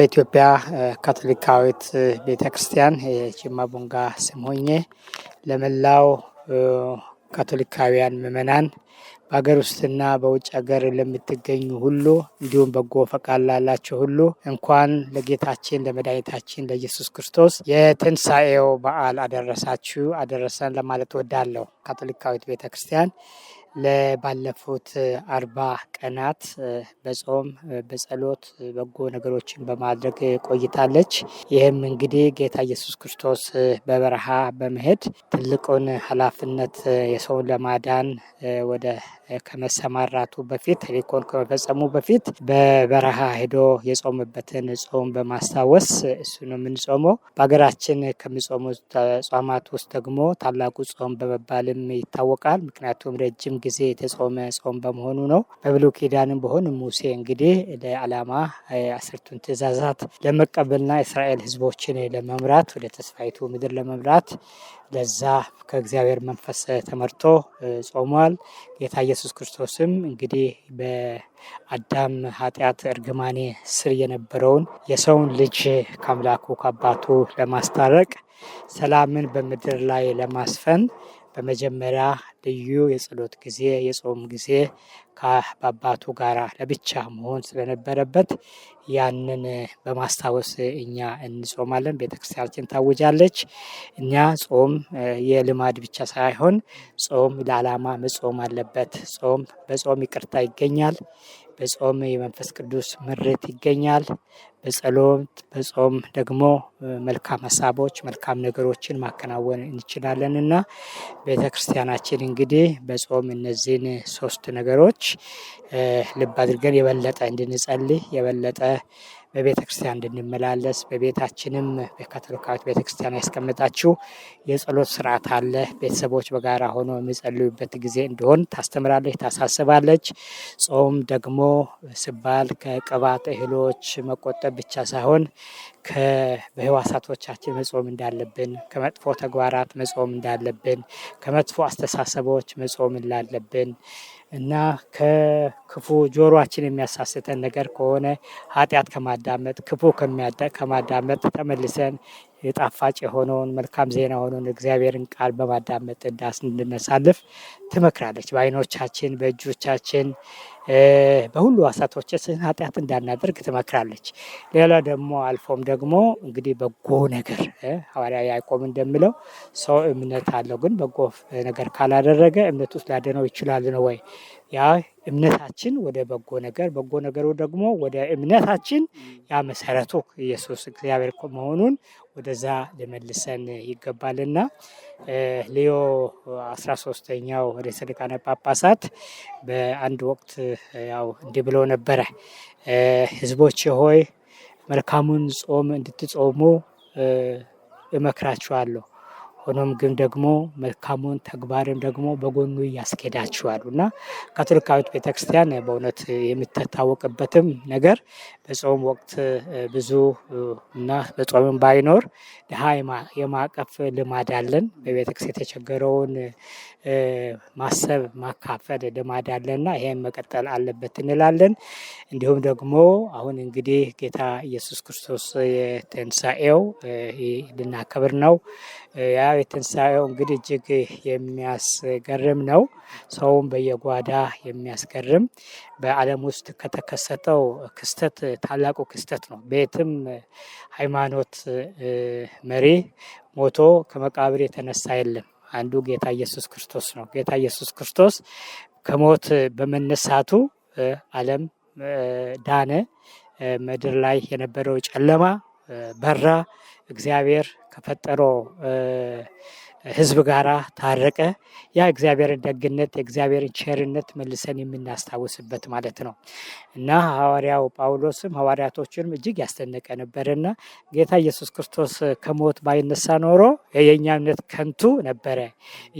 በኢትዮጵያ ካቶሊካዊት ቤተ ክርስቲያን የጅማ ቦንጋ ስም ሆኜ ለመላው ካቶሊካውያን ምዕመናን በሀገር ውስጥና በውጭ ሀገር ለምትገኙ ሁሉ እንዲሁም በጎ ፈቃድ ላላቸው ሁሉ እንኳን ለጌታችን ለመድኃኒታችን ለኢየሱስ ክርስቶስ የትንሣኤው በዓል አደረሳችሁ አደረሰን ለማለት ወዳለው ካቶሊካዊት ቤተ ክርስቲያን ለባለፉት አርባ ቀናት በጾም በጸሎት በጎ ነገሮችን በማድረግ ቆይታለች። ይህም እንግዲህ ጌታ ኢየሱስ ክርስቶስ በበረሃ በመሄድ ትልቁን ኃላፊነት የሰውን ለማዳን ወደ ከመሰማራቱ በፊት ተልእኮን ከመፈጸሙ በፊት በበረሃ ሄዶ የጾምበትን ጾም በማስታወስ እሱ ነው የምንጾመው። በሀገራችን ከሚጾሙ ጾማት ውስጥ ደግሞ ታላቁ ጾም በመባልም ይታወቃል። ምክንያቱም ረጅም ጊዜ የተጾመ ጾም በመሆኑ ነው። በብሉይ ኪዳንም በሆን ሙሴ እንግዲህ ለዓላማ አስርቱን ትእዛዛት ለመቀበልና እስራኤል ህዝቦችን ለመምራት ወደ ተስፋይቱ ምድር ለመምራት ለዛ ከእግዚአብሔር መንፈስ ተመርቶ ጾሟል። ጌታ ኢየሱስ ክርስቶስም እንግዲህ በአዳም ኃጢአት እርግማኔ ስር የነበረውን የሰውን ልጅ ከአምላኩ ከአባቱ ለማስታረቅ ሰላምን በምድር ላይ ለማስፈን በመጀመሪያ ልዩ የጸሎት ጊዜ፣ የጾም ጊዜ ከአባቱ ጋር ለብቻ መሆን ስለነበረበት ያንን በማስታወስ እኛ እንጾማለን። ቤተክርስቲያናችን ታውጃለች። እኛ ጾም የልማድ ብቻ ሳይሆን ጾም ለዓላማ መጾም አለበት። ጾም በጾም ይቅርታ ይገኛል። በጾም የመንፈስ ቅዱስ ምርት ይገኛል። በጸሎት በጾም ደግሞ መልካም ሀሳቦች መልካም ነገሮችን ማከናወን እንችላለን እና ቤተ ክርስቲያናችን እንግዲህ በጾም እነዚህን ሶስት ነገሮች ልብ አድርገን የበለጠ እንድንጸልይ የበለጠ በቤተ ክርስቲያን እንድንመላለስ በቤታችንም በካቶሊካዊት ቤተ ክርስቲያን ያስቀመጣችው የጸሎት ስርዓት አለ። ቤተሰቦች በጋራ ሆኖ የሚጸልዩበት ጊዜ እንዲሆን ታስተምራለች፣ ታሳስባለች። ጾም ደግሞ ሲባል ከቅባት እህሎች መቆጠ ማሰብ ብቻ ሳይሆን በህዋሳቶቻችን መጾም እንዳለብን፣ ከመጥፎ ተግባራት መጾም እንዳለብን፣ ከመጥፎ አስተሳሰቦች መጾም እንዳለብን እና ከክፉ ጆሮችን የሚያሳስተን ነገር ከሆነ ኃጢአት ከማዳመጥ ክፉ ከማዳመጥ ተመልሰን ጣፋጭ የሆነውን መልካም ዜና የሆነውን እግዚአብሔርን ቃል በማዳመጥ እንዳስ እንድነሳልፍ ትመክራለች። በአይኖቻችን፣ በእጆቻችን በሁሉ ሐሳቦቻችን ኃጢአት እንዳናደርግ ትመክራለች። ሌላ ደግሞ አልፎም ደግሞ እንግዲህ በጎ ነገር ሐዋርያ ያዕቆብ እንደሚለው ሰው እምነት አለው፣ ግን በጎ ነገር ካላደረገ እምነት ውስጥ ላደነው ይችላል ነው ወይ ያ እምነታችን ወደ በጎ ነገር በጎ ነገሩ ደግሞ ወደ እምነታችን ያመሰረቱ ኢየሱስ እግዚአብሔር መሆኑን ወደዛ ሊመልሰን ይገባልና ሊዮ 13ኛው ርዕሰ ሊቃነ ጳጳሳት በአንድ ወቅት ያው እንዲህ ብሎ ነበረ፣ ህዝቦች ሆይ መልካሙን ጾም እንድትጾሙ እመክራችኋለሁ። ሆኖም ግን ደግሞ መልካሙን ተግባርን ደግሞ በጎኑ እያስኬዳችኋሉ እና ካቶሊካዊት ቤተክርስቲያን በእውነት የምትታወቅበትም ነገር በጾም ወቅት ብዙ እና በጾምም ባይኖር ድሃ የማቀፍ ልማድ አለን። በቤተክርስቲያን የተቸገረውን ማሰብ ማካፈል ልማድ አለና ይሄን መቀጠል አለበት እንላለን። እንዲሁም ደግሞ አሁን እንግዲህ ጌታ ኢየሱስ ክርስቶስ የትንሣኤው ልናከብር ነው። ያ ዳግማዊ ትንሣኤው እንግዲህ እጅግ የሚያስገርም ነው። ሰውም በየጓዳ የሚያስገርም በዓለም ውስጥ ከተከሰተው ክስተት ታላቁ ክስተት ነው። ቤትም ሃይማኖት መሪ ሞቶ ከመቃብር የተነሳ የለም። አንዱ ጌታ ኢየሱስ ክርስቶስ ነው። ጌታ ኢየሱስ ክርስቶስ ከሞት በመነሳቱ ዓለም ዳነ። ምድር ላይ የነበረው ጨለማ በራ። እግዚአብሔር ከፈጠረው ህዝብ ጋር ታረቀ። ያ እግዚአብሔርን ደግነት የእግዚአብሔርን ቸርነት መልሰን የምናስታውስበት ማለት ነው እና ሐዋርያው ጳውሎስም ሐዋርያቶችንም እጅግ ያስደነቀ ነበረና ጌታ ኢየሱስ ክርስቶስ ከሞት ባይነሳ ኖሮ የእኛ እምነት ከንቱ ነበረ፣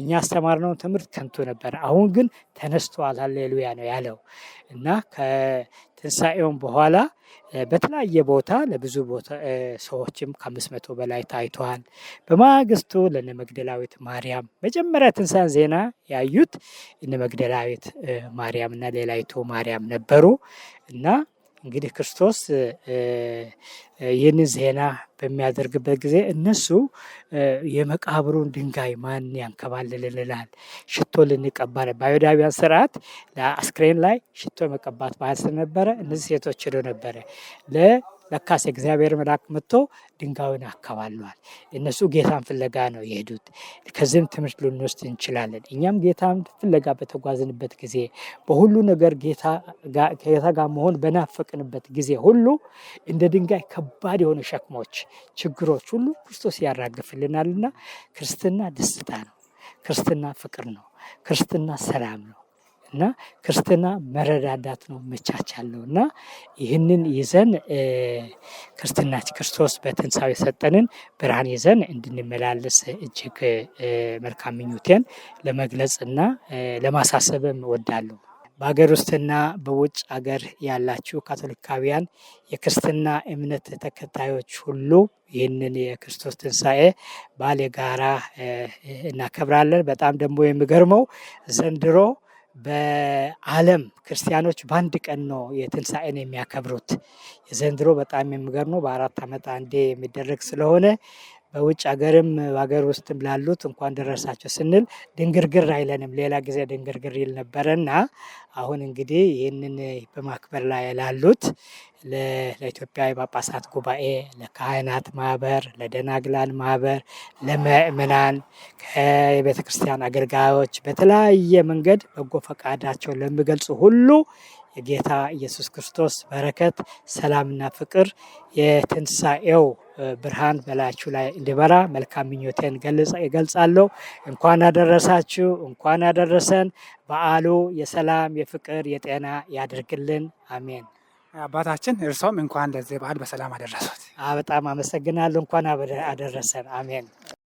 እኛ ያስተማርነውን ትምህርት ከንቱ ነበረ። አሁን ግን ተነስቷል፣ ሃሌሉያ ነው ያለው እና ትንሣኤውን በኋላ በተለያየ ቦታ ለብዙ ቦታ ሰዎችም ከአምስት መቶ በላይ ታይተዋል። በማግስቱ ለነ መግደላዊት ማርያም መጀመሪያ ትንሣኤን ዜና ያዩት እነ መግደላዊት ማርያም እና ሌላይቱ ማርያም ነበሩ እና እንግዲህ ክርስቶስ ይህንን ዜና በሚያደርግበት ጊዜ እነሱ የመቃብሩን ድንጋይ ማን ያንከባልልልናል? ሽቶ ልንቀባለ በአይሁዳውያን ስርዓት ለአስክሬን ላይ ሽቶ መቀባት ባህል ስለነበረ እነዚህ ሴቶች ሄዶ ነበረ ለካስ እግዚአብሔር መልአክ መጥቶ ድንጋዩን አካባሏል። እነሱ ጌታን ፍለጋ ነው የሄዱት። ከዚህም ትምህርት ልንወስድ እንችላለን። እኛም ጌታን ፍለጋ በተጓዝንበት ጊዜ፣ በሁሉ ነገር ጌታ ጋር መሆን በናፈቅንበት ጊዜ ሁሉ እንደ ድንጋይ ከባድ የሆኑ ሸክሞች፣ ችግሮች ሁሉ ክርስቶስ ያራግፍልናልና ክርስትና ደስታ ነው። ክርስትና ፍቅር ነው። ክርስትና ሰላም ነው። እና ክርስትና መረዳዳት ነው፣ መቻቻል ነው። እና ይህንን ይዘን ክርስትና ክርስቶስ በትንሣኤው የሰጠንን ብርሃን ይዘን እንድንመላለስ እጅግ መልካም ምኞቴን ለመግለጽና ለማሳሰብም እወዳለሁ። በሀገር ውስጥና በውጭ ሀገር ያላችሁ ካቶሊካውያን የክርስትና እምነት ተከታዮች ሁሉ ይህንን የክርስቶስ ትንሣኤ በዓል የጋራ እናከብራለን። በጣም ደግሞ የሚገርመው ዘንድሮ በዓለም ክርስቲያኖች በአንድ ቀን ነው የትንሣኤን የሚያከብሩት። የዘንድሮ በጣም የሚገርም በአራት ዓመት አንዴ የሚደረግ ስለሆነ በውጭ ሀገርም በሀገር ውስጥም ላሉት እንኳን ደረሳቸው ስንል ድንግርግር አይለንም። ሌላ ጊዜ ድንግርግር ይል እና አሁን እንግዲህ ይህንን በማክበር ላይ ላሉት ለኢትዮጵያ የጳጳሳት ጉባኤ፣ ለካህናት ማህበር፣ ለደናግላን ማህበር፣ ለምእምናን ከቤተ ክርስቲያን አገልጋዮች በተለያየ መንገድ በጎ ፈቃዳቸው ለሚገልጹ ሁሉ የጌታ ኢየሱስ ክርስቶስ በረከት፣ ሰላምና ፍቅር የትንሣኤው ብርሃን በላያችሁ ላይ እንዲበራ መልካም ምኞቴን እገልጻለሁ። እንኳን አደረሳችሁ፣ እንኳን አደረሰን። በዓሉ የሰላም የፍቅር፣ የጤና ያድርግልን። አሜን። አባታችን እርሶም እንኳን ለዚህ በዓል በሰላም አደረሱት። በጣም አመሰግናለሁ። እንኳን አደረሰን። አሜን።